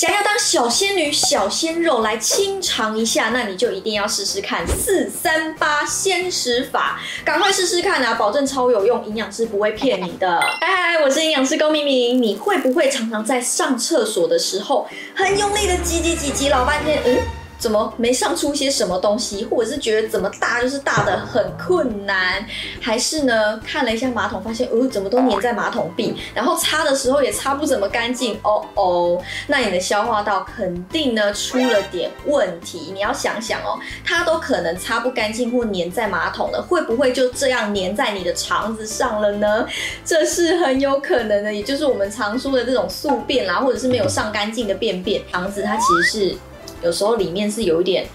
想要當小仙女、小鮮肉來清腸一下，那你就一定要試試看四三八纖食法，趕快試試看啊！保證超有用，營養師不會騙你的。嗨嗨，我是營養師高敏敏，你會不會常常在上廁所的時候很用力的擠擠擠擠老半天？嗯。怎麼沒上出些什麼東西？或者是覺得怎麼大就是大的很困難，還是呢？看了一下馬桶，發現哦、呃，怎麼都粘在馬桶壁，然後擦的時候也擦不怎麼乾淨。哦哦，那你的消化道肯定呢出了點問題。你要想想哦，它都可能擦不乾淨或粘在馬桶了，會不會就這樣粘在你的腸子上了呢？這是很有可能的，也就是我們常說的這種宿便啦，或者是沒有上乾淨的便便，腸子它其實是。有時候裡面是有一點。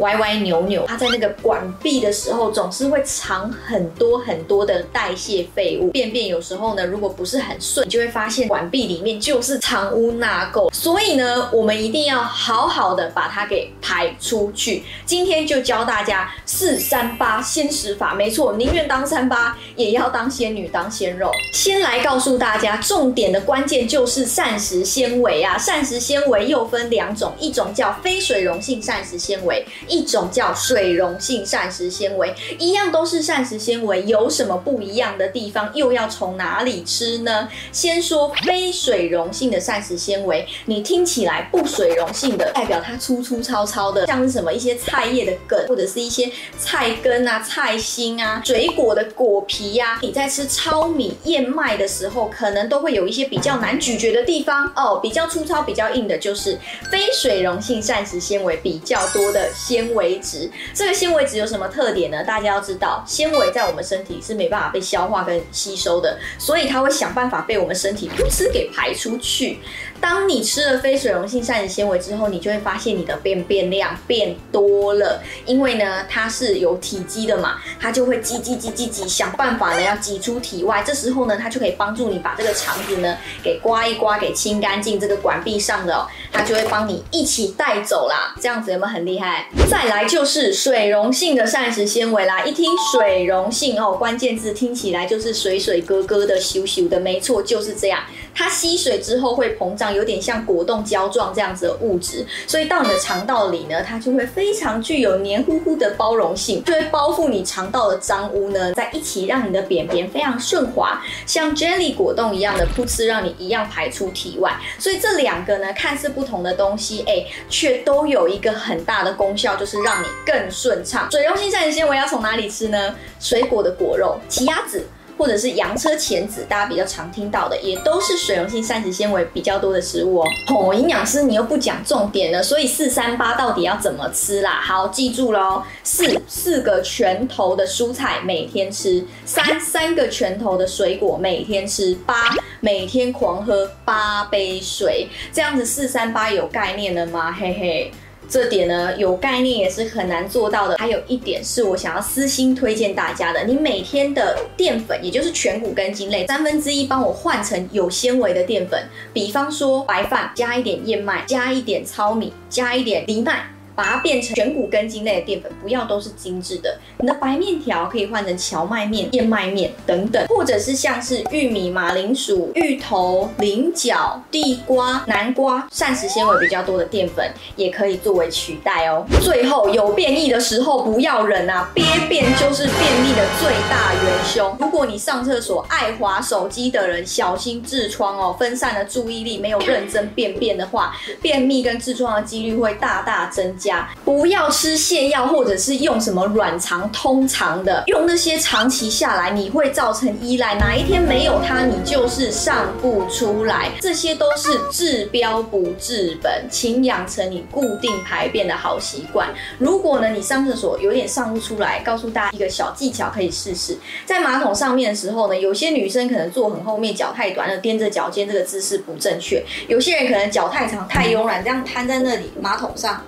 歪歪扭扭，它在那個管壁的時候總是會藏很多很多的代謝廢物，便便有時候呢，如果不是很順，你就會發現管壁裡面就是藏污納垢。所以呢，我們一定要好好的把它給排出去。今天就教大家四三八纖食法，沒錯，寧願當三八也要當纖女當纖肉。先來告訴大家，重點的關鍵就是膳食纖維啊，膳食纖維又分兩種，一種叫非水溶性膳食纖維。一種叫水溶性膳食纖維，一樣都是膳食纖維，有什麼不一樣的地方？又要從哪裡吃呢？先說非水溶性的膳食纖維，你聽起來不水溶性的，代表它粗粗糙糙的，像是什麼一些菜葉的梗，或者是一些菜根啊、菜心啊、水果的果皮呀、啊。你在吃糙米、燕麥的時候，可能都會有一些比較難咀嚼的地方哦，比較粗糙、比較硬的，就是非水溶性膳食纖維比較多的纖維質，這個纖維質有什麼特點呢？大家要知道，纖維在我們身體是沒辦法被消化跟吸收的，所以它會想辦法被我們身體噗嗤給排出去。當你吃了非水溶性膳食纖維之後，你就會發現你的便便量變多了，因為呢它是有體積的嘛，它就會擠擠擠擠擠，想辦法呢要擠出體外。這時候呢，它就可以幫助你把這個腸子呢給刮一刮，給清乾淨這個管壁上的、哦，它就會幫你一起帶走啦。這樣子有沒有很厲害？再來就是水溶性的膳食纖維啦，一聽水溶性哦、喔，關鍵字聽起來就是水水咯咯的、咻咻的，沒錯，就是這樣。它吸水之後會膨脹，有點像果凍膠狀這樣子的物質，所以到你的腸道裡呢，它就會非常具有黏糊糊的包容性，就會包覆你腸道的髒污呢在一起，讓你的便便非常順滑，像 jelly 果凍一樣的噗嗤，讓你一樣排出體外。所以這兩個呢，看似不同的東西，哎、欸，卻都有一個很大的功效，就是讓你更順暢。水溶性膳食纖維要從哪裡吃呢？水果的果肉，奇亞籽。或者是洋車前子，大家比較常聽到的，也都是水溶性膳食纖維比較多的食物哦。吼，營養師你又不講重點了，所以四三八到底要怎麼吃啦？好，記住嘍，四四個拳頭的蔬菜每天吃，三三個拳頭的水果每天吃，八每天狂喝八杯水，這樣子四三八有概念了嗎？嘿嘿。這點呢，有概念也是很難做到的。還有一點是我想要私心推薦大家的：你每天的澱粉，也就是全穀根莖類，三分之一幫我換成有纖維的澱粉，比方說白飯加一點燕麥，加一點糙米，加一點藜麥。把它變成全穀根莖類的澱粉，不要都是精緻的。你的白麵條可以換成蕎麥麵、燕麥麵等等，或者是像是玉米、馬鈴薯、芋頭、菱角、地瓜、南瓜，膳食纖維比較多的澱粉也可以作為取代哦、喔。最後有便意的時候不要忍啊，憋便就是便秘的最大元凶。如果你上廁所愛滑手機的人，小心痔瘡哦。分散了注意力沒有認真便便的話，便秘跟痔瘡的幾率會大大增加。不要吃瀉藥，或者是用什麼軟腸通腸的，用那些長期下來你會造成依賴，哪一天沒有它，你就是上不出來。這些都是治標不治本，請養成你固定排便的好習慣。如果呢，你上廁所有點上不出來，告訴大家一個小技巧可以試試，在馬桶上面的時候呢，有些女生可能坐很後面，腳太短了，踮着腳尖這個姿勢不正確；有些人可能腳太長太慵軟，這樣癱在那裡馬桶上。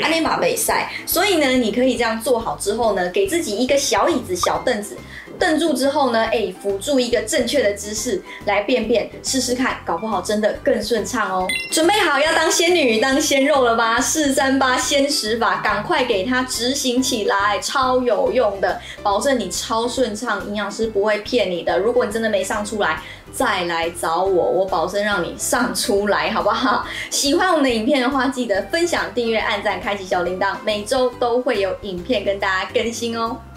阿聯馬被曬，所以呢，你可以這樣做好之後呢，給自己一個小椅子、小凳子。正住之後呢，哎、欸，輔助一個正確的姿勢來便便試試看，搞不好真的更順暢哦。準備好要當纖女、當纖肉了吧？438纖食法，趕快給它執行起來，超有用的，保證你超順暢，營養師不會騙你的。如果你真的沒上出來，再來找我，我保證讓你上出來，好不好？喜歡我們的影片的話，記得分享、訂閱、按贊、開啟小鈴鐺，每週都會有影片跟大家更新哦、喔。